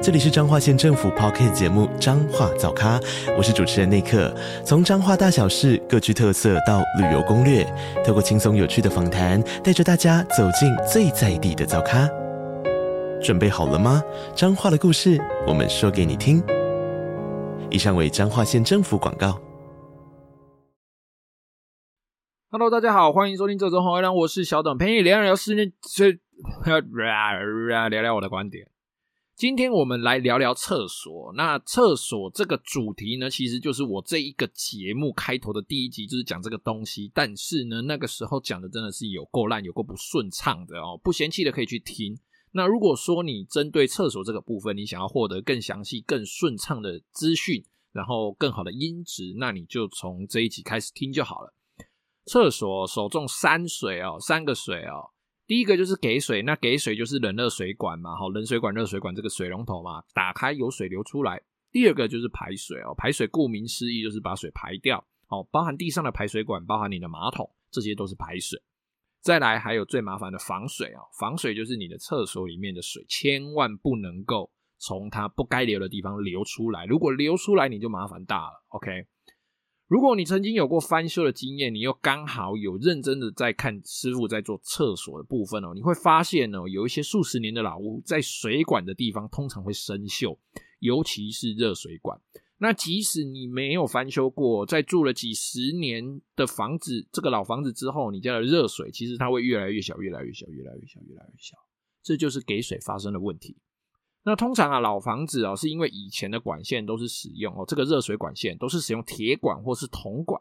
這裡是彰化縣政府 Podcast 節目《彰化早咖》，我是主持人內克。從彰化大小事各具特色到旅遊攻略，透過輕鬆有趣的訪談，帶着大家走進最在地的早咖。準備好了嗎？彰化的故事，我們說給你聽。以上為彰化縣政府廣告。Hello，大家好，歡迎收聽這周紅月，我是小董，陪你聊一聊世界，聊聊，聊，聊，聊，聊，聊我的觀點。今天我們來聊聊廁所。那廁所這個主題呢，其實就是我這一個節目開頭的第一集，就是講這個東西。但是呢，那個時候講的真的是有夠爛，有夠不順暢的哦。不嫌棄的可以去聽。那如果說你針對廁所這個部分，你想要獲得更詳細、更順暢的資訊，然後更好的音質，那你就從這一集開始聽就好了。廁所首重三水哦，三個水哦。第一個就是給水，那給水就是冷熱水管嘛，好，冷水管、熱水管這個水龍頭嘛，打開有水流出來。第二個就是排水哦，排水顧名思義就是把水排掉，好，包含地上的排水管，包含你的馬桶，這些都是排水。再來還有最麻煩的防水啊，防水就是你的廁所裡面的水，千萬不能夠從它不該流的地方流出來，如果流出來你就麻煩大了，OK。如果你曾經有過翻修的經驗，你又剛好有認真的在看師傅在做廁所的部分哦，你會發現哦，有一些數十年的老屋，在水管的地方通常會生鏽，尤其是熱水管。那即使你沒有翻修過，在住了幾十年的房子，這個老房子之後，你家的熱水其實它會越來越小，越來越小，越來越小，越來越小，越來越小。這就是給水發生的問題。那通常啊，老房子啊、哦，是因為以前的管線都是使用哦，這個熱水管線都是使用鐵管或是銅管。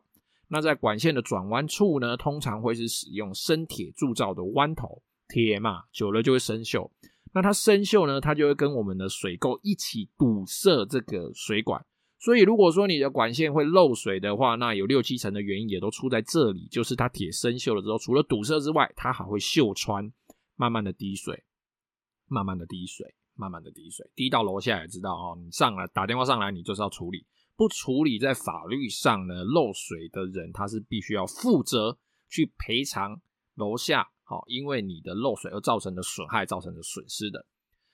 那在管線的轉彎處呢，通常會是使用生鐵鑄造的彎頭，鐵嘛，久了就會生銹。那它生銹呢，它就會跟我們的水垢一起堵塞這個水管。所以如果說你的管線會漏水的話，那有六七成的原因也都出在這裡，就是它鐵生銹了之後，除了堵塞之外，它還會銹穿，慢慢的滴水，慢慢的滴水。慢慢的滴水，滴到樓下也知道哦。你上來打電話上來，你就是要處理，不處理，在法律上呢，漏水的人他是必須要負責去賠償樓下，好，哦，因為你的漏水而造成的損害造成的損失的。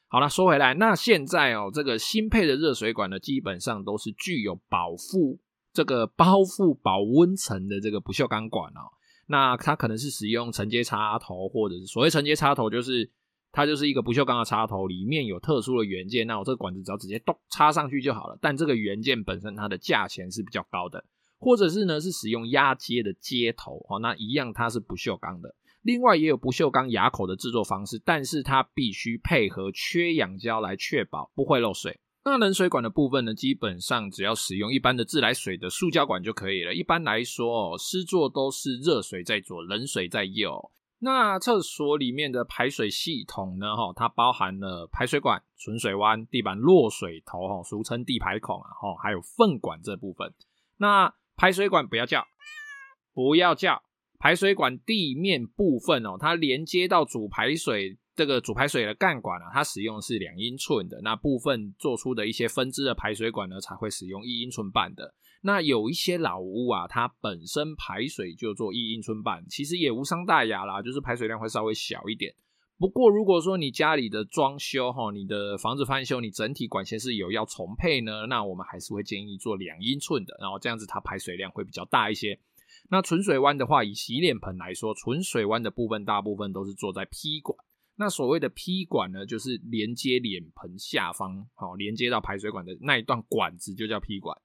好了，說回來，那現在哦，這個新配的熱水管呢，基本上都是具有保護這個包覆保溫層的這個不鏽鋼管哦。那它可能是使用承接插頭，或者是所謂承接插頭，就是。它就是一個不銹鋼的插頭，裡面有特殊的元件，那我這個管子只要直接咚插上去就好了。但這個元件本身它的價錢是比較高的，或者是呢是使用壓接的接頭哦，那一樣它是不銹鋼的。另外也有不銹鋼牙口的制作方式，但是它必須配合缺氧膠來確保不會漏水。那冷水管的部分呢，基本上只要使用一般的自來水的塑膠管就可以了。一般來說哦，施作都是熱水在左，冷水在右。那廁所裡面的排水系統呢，哈，它包含了排水管、存水彎、地板落水頭，哈，俗稱地排孔啊，哈，還有糞管這部分。那排水管不要叫，不要叫排水管地面部分哦，它連接到主排水，這個主排水的幹管啊，它使用是兩英寸的。那部分做出的一些分支的排水管呢，才會使用一英寸半的。那有一些老屋啊，它本身排水就做一英寸半，其實也無傷大雅啦，就是排水量會稍微小一點。不過如果說你家裡的裝修哈，你的房子翻修，你整體管線是有要重配呢，那我們還是會建議做兩英寸的，然後這樣子它排水量會比較大一些。那存水彎的話，以洗臉盆來說，存水彎的部分大部分都是做在 P 管。那所謂的 P 管呢，就是連接臉盆下方，好連接到排水管的那一段管子就叫 P 管。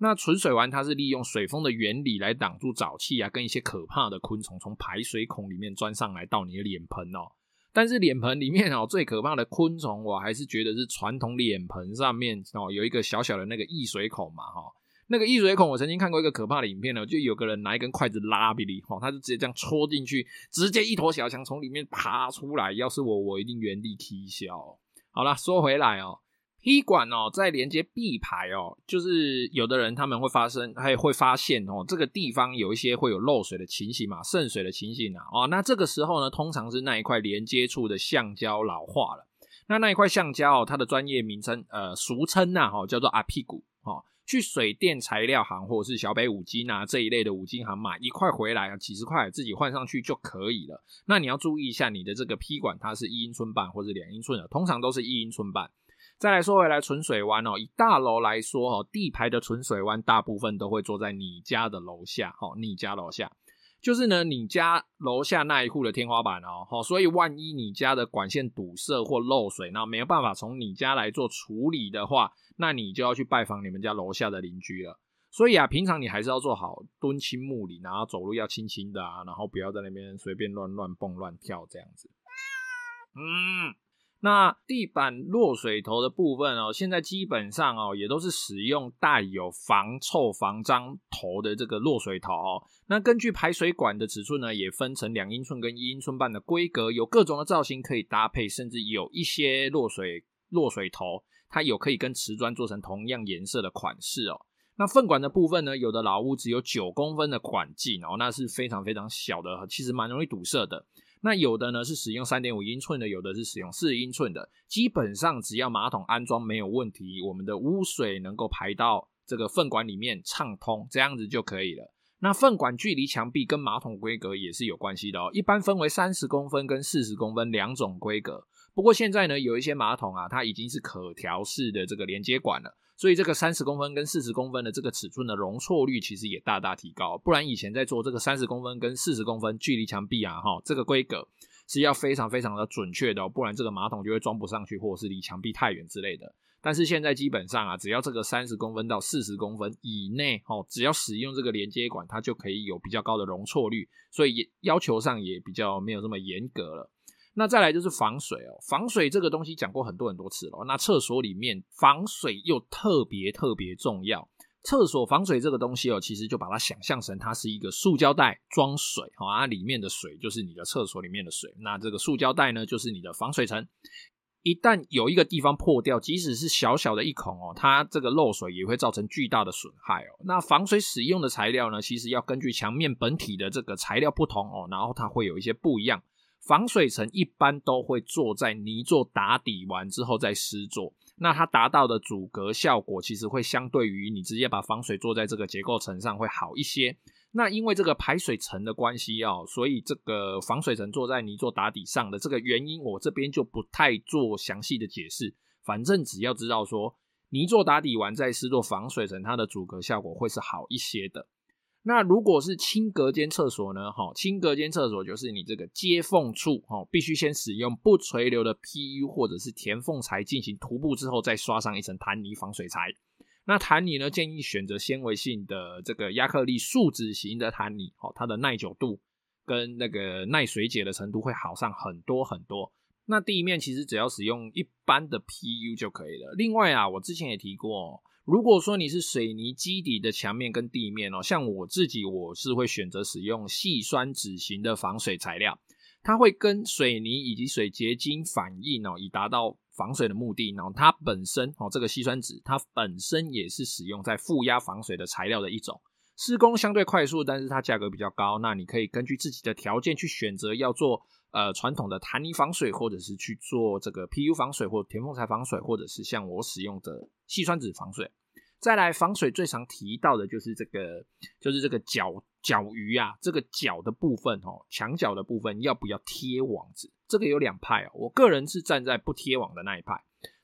那存水彎它是利用水封的原理來擋住沼氣啊，跟一些可怕的昆蟲從排水孔裡面鑽上來到你的臉盆哦、喔。但是臉盆裡面哦、喔，最可怕的昆蟲，我還是覺得是傳統臉盆上面哦、喔、有一個小小的那個溢水孔嘛哈、喔。那個溢水孔我曾經看過一個可怕的影片呢、喔，就有個人拿一根筷子拉比你哦、喔，他就直接這樣戳進去，直接一坨小強從裡面爬出來。要是我，我一定原地踢哦、喔、好了，說回來哦、喔。P 管哦，在連接壁排哦，就是有的人他們會發生，他會發現哦，這個地方有一些會有漏水的情形嘛，滲水的情形啊。哦，那這個時候呢，通常是那一塊連接處的橡膠老化了。那那一塊橡膠哦，它的專業名稱呃，俗稱呢哈，叫做阿屁股哦，去水電材料行或者是小北五金吶、啊、這一類的五金行買一塊回來，幾十塊自己換上去就可以了。那你要注意一下，你的這個 P 管它是一英寸半或者兩英寸的，通常都是一英寸半。再來說回來，存水彎哦，以大樓來說哦，地排的存水彎大部分都會坐在你家的樓下，好，你家樓下就是呢，你家樓下那一戶的天花板哦，好，所以萬一你家的管線堵塞或漏水，那沒有辦法從你家來做處理的話，那你就要去拜訪你們家樓下的鄰居了。所以啊，平常你還是要做好敦親睦鄰，然後走路要輕輕的啊，然後不要在那邊隨便亂亂蹦亂跳這樣子。嗯。那地板落水頭的部分哦，現在基本上哦，也都是使用帶有防臭防蟑頭的這個落水頭哦。那根據排水管的尺寸呢，也分成兩英寸跟一英寸半的規格，有各種的造型可以搭配，甚至有一些落水落水頭，它有可以跟瓷磚做成同樣顏色的款式哦。那糞管的部分呢，有的老屋只有九公分的管徑哦，那是非常非常小的，其實蠻容易堵塞的。那有的呢，是使用三點五英寸的，有的是使用四英寸的。基本上只要馬桶安裝沒有問題，我們的污水能夠排到這個糞管裡面暢通，這樣子就可以了。那糞管距離牆壁跟馬桶規格也是有關係的哦，一般分為三十公分跟四十公分兩種規格。不過現在呢，有一些馬桶啊，它已經是可調式的這個連接管了。所以這個三十公分跟四十公分的這個尺寸的容錯率其實也大大提高，不然以前在做這個三十公分跟四十公分距離牆壁啊，哈，這個規格是要非常非常的準確的，不然這個馬桶就會裝不上去，或者是離牆壁太遠之類的。但是現在基本上啊，只要這個三十公分到四十公分以內，哈，只要使用這個連接管，它就可以有比較高的容錯率，所以也要求上也比較沒有這麼嚴格了。那再來就是防水哦，防水這個東西講過很多很多次了。那廁所裡面防水又特別特別重要。廁所防水這個東西哦，其實就把它想象成它是一個塑膠袋裝水，啊，裡面的水就是你的廁所裡面的水。那這個塑膠袋呢，就是你的防水層。一旦有一個地方破掉，即使是小小的一孔哦，它這個漏水也會造成巨大的損害哦。那防水使用的材料呢，其實要根據牆面本體的這個材料不同哦，然後它會有一些不一樣。防水層一般都會做在泥作打底完之後再施作，那它達到的阻隔效果其實會相對於你直接把防水做在這個結構層上會好一些。那因為這個排水層的關係哦，所以這個防水層做在泥作打底上的這個原因，我這邊就不太做詳細的解釋。反正只要知道說泥作打底完再施做防水層，它的阻隔效果會是好一些的。那如果是輕隔間廁所呢？哈，輕隔間廁所就是你這個接縫處，哈，必須先使用不垂流的 PU 或者是填縫材進行塗布之後，再刷上一層彈泥防水材。那彈泥呢，建議選擇纖維性的這個亞克力樹脂型的彈泥，哈，它的耐久度跟那個耐水解的程度會好上很多很多。那地面其實只要使用一般的 PU 就可以了。另外啊，我之前也提過。如果說你是水泥基底的牆面跟地面哦，像我自己，我是會選擇使用矽酸酯型的防水材料，它會跟水泥以及水結晶反應哦，以達到防水的目的。然後它本身哦，這個矽酸酯它本身也是使用在負壓防水的材料的一種，施工相對快速，但是它價格比較高。那你可以根據自己的條件去選擇要做呃傳統的彈泥防水，或者是去做這個 PU 防水或填縫材防水，或者是像我使用的矽酸酯防水。再來防水最常提到的就是這個，就是這個角，角隅啊，這個角的部分哦，牆角的部分要不要貼網子？這個有兩派哦，我個人是站在不貼網的那一派。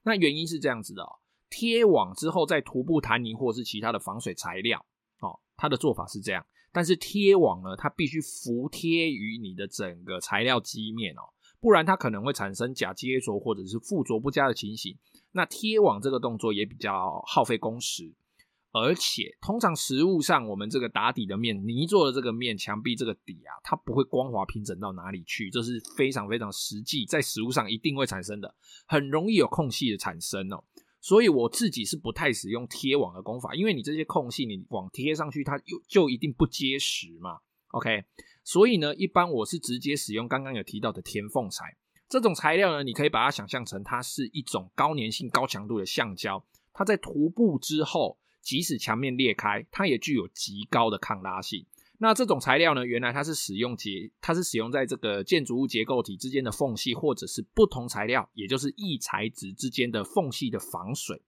那原因是這樣子的哦，貼網之後再塗布彈泥或是其他的防水材料哦，它的做法是這樣。但是貼網呢，它必須服貼於你的整個材料基面哦，不然它可能會產生假接着或者是附着不佳的情形。那貼網這個動作也比較耗費工時，而且通常實務上我們這個打底的面泥做的這個面牆壁這個底啊，它不會光滑平整到哪裡去，這是非常非常實際，在實務上一定會產生的，很容易有空隙的產生哦、喔。所以我自己是不太使用貼網的工法，因為你這些空隙你往貼上去，它又就一定不結實嘛。OK，所以呢，一般我是直接使用剛剛有提到的填縫材。這種材料呢，你可以把它想象成它是一種高粘性、高強度的橡膠。它在塗布之後，即使牆面裂開，它也具有極高的抗拉性。那這種材料呢，原來它是使用結，它是使用在這個建築物結構體之間的縫隙，或者是不同材料，也就是異材質之間的縫隙的防水。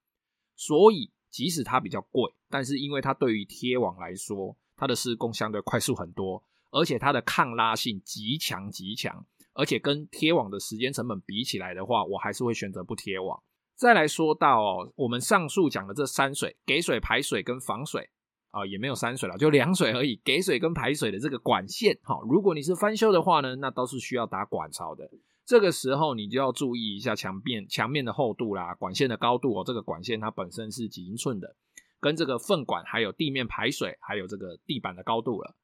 所以，即使它比較貴，但是因為它對於貼網來說，它的施工相對快速很多，而且它的抗拉性極強極強。而且跟貼網的時間成本比起來的話，我還是會選擇不貼網。再來說到哦，我們上述講的這三水，給水、排水跟防水，啊、哦，也沒有三水了，就兩水而已。給水跟排水的這個管線，哈、哦，如果你是翻修的話呢，那都是需要打管槽的。這個時候你就要注意一下牆面牆面的厚度啦，管線的高度、哦，這個管線它本身是幾英寸的，跟這個糞管，還有地面排水，還有這個地板的高度了。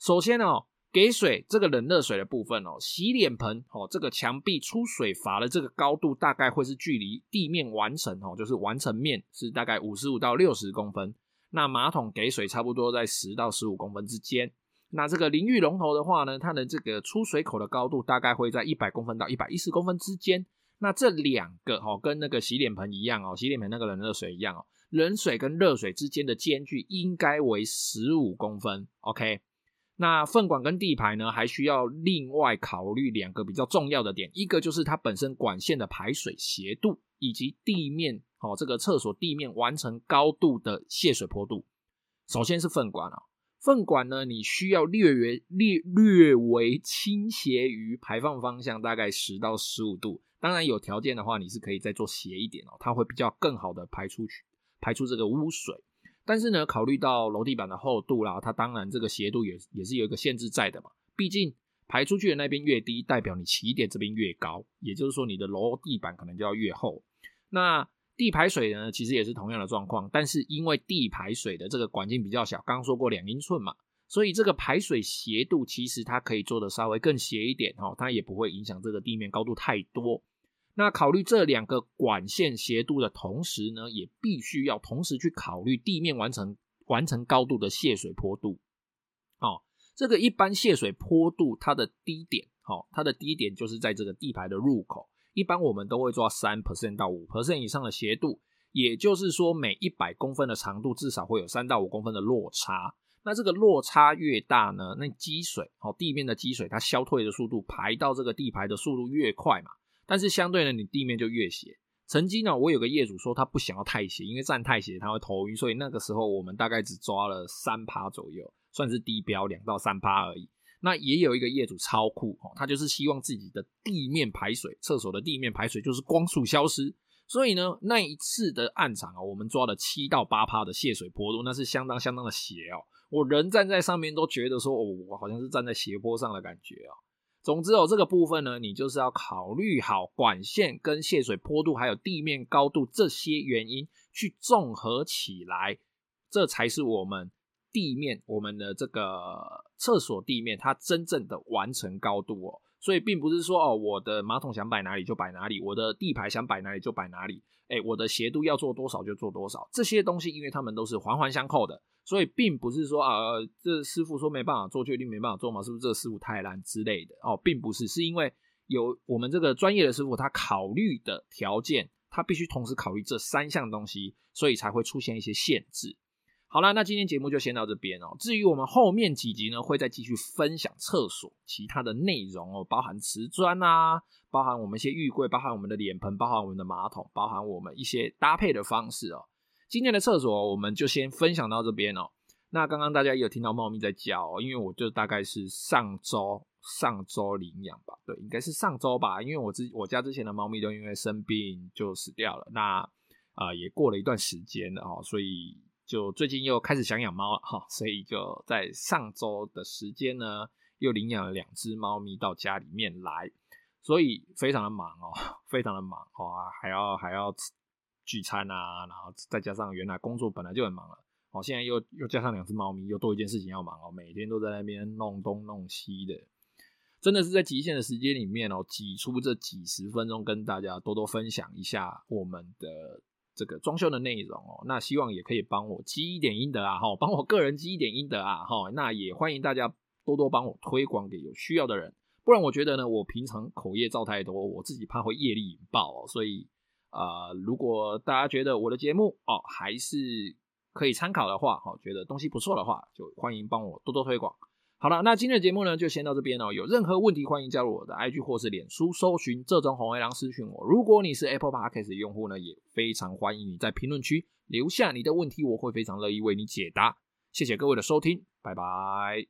首先呢、哦。給水，這個冷熱水的部分哦，洗臉盆哦，這個牆壁出水閥的這個高度大概會是距離地面完成哦，就是完成面是大概五十五到六十公分。那馬桶給水差不多在十到十五公分之間。那這個淋浴龍頭的話呢，它的這個出水口的高度大概會在一百公分到一百一十公分之間。那這兩個哦，跟那個洗臉盆一樣哦，洗臉盆那個冷熱水一樣哦，冷水跟熱水之間的間距應該為十五公分。OK。那糞管跟地排呢，還需要另外考慮兩個比較重要的點，一個就是它本身管線的排水斜度，以及地面，哦這個廁所地面完成高度的泄水坡度。首先是糞管啊、哦，糞管呢，你需要略為略略微傾斜於排放方向，大概十到十五度。當然有條件的話，你是可以再做斜一點哦，它會比較更好的排出去，排出這個污水。但是呢，考慮到樓地板的厚度啦，它當然這個斜度也也是有一個限制在的嘛。畢竟排出去的那邊越低，代表你起點這邊越高，也就是說你的樓地板可能就要越厚。那地排水呢，其實也是同樣的狀況，但是因為地排水的這個管徑比較小，剛剛說過兩英寸嘛，所以這個排水斜度其實它可以做得稍微更斜一點哈，它也不會影響這個地面高度太多。那考慮這兩個管線斜度的同時呢，也必須要同時去考慮地面完成完成高度的洩水坡度。哦，這個一般洩水坡度它的低點，好、哦，它的低點就是在這個地排的入口。一般我們都會做到三 percent 到五 percent 以上的斜度，也就是說每一百公分的長度至少會有三到五公分的落差。那這個落差越大呢，那積水，哦，地面的積水它消退的速度，排到這個地排的速度越快嘛。但是相對呢，你地面就越斜。曾經呢，我有個業主說他不想要太斜，因為站太斜他會頭暈，所以那個時候我們大概只抓了三趴左右，算是低標兩到三趴而已。那也有一個業主超酷、哦、他就是希望自己的地面排水，廁所的地面排水就是光速消失。所以呢，那一次的暗場啊、哦，我們抓了七到八趴的洩水坡度，那是相當相當的斜哦。我人站在上面都覺得說，哦，我好像是站在斜坡上的感覺啊、哦。總之哦，有這個部分呢，你就是要考慮好管線跟洩水坡度，還有地面高度這些原因，去綜合起來，這才是我們地面我們的這個廁所地面它真正的完成高度哦。所以並不是說哦，我的馬桶想擺哪裡就擺哪裡，我的地排想擺哪裡就擺哪裡，哎、欸，我的斜度要做多少就做多少，這些東西，因為他們都是環環相扣的，所以並不是說啊、呃，這個、師傅說沒辦法做定，就一定沒辦法做嘛，是不是這個師傅太懶之類的哦？並不是，是因為有我們這個專業的師傅，他考慮的條件，他必須同時考慮這三項東西，所以才會出現一些限制。好了，那今天節目就先到這邊哦。至於我們後面幾集呢，會再繼續分享廁所其他的內容哦，包含瓷磚啊，包含我們一些浴櫃，包含我們的臉盆，包含我們的馬桶，包含我們一些搭配的方式哦。今天的廁所我們就先分享到這邊哦。那剛剛大家也有聽到貓咪在叫哦，因為我就大概是上周上周領養吧，對，應該是上周吧，因為我之我家之前的貓咪都因為生病就死掉了。那啊，也過了一段時間了哦，所以。就最近又開始想養貓了哈，所以就在上周的時間呢，又領養了兩隻貓咪到家裡面來，所以非常的忙哦，非常的忙哦，還要還要聚餐啊，然後再加上原來工作本來就很忙了，哦，現在又又加上兩隻貓咪，又多一件事情要忙哦，每天都在那邊弄東弄西的，真的是在極限的時間裡面哦，擠出這幾十分鐘跟大家多多分享一下我們的。這個裝修的內容哦，那希望也可以幫我積一點陰德啊哈，幫我個人積一點陰德啊哈，那也歡迎大家多多幫我推廣給有需要的人，不然我覺得呢，我平常口業造太多，我自己怕會業力引爆哦，所以啊，呃，如果大家覺得我的節目哦還是可以參考的話，哈，覺得東西不錯的話，就歡迎幫我多多推廣。好了，那今天的節目呢就先到這邊哦。有任何問題，歡迎加入我的 IG 或是臉書，搜尋“這樁紅黑狼”私訊我。如果你是 Apple Podcast 用戶呢，也非常歡迎你在評論區留下你的問題，我會非常樂意為你解答。謝謝各位的收聽，拜拜。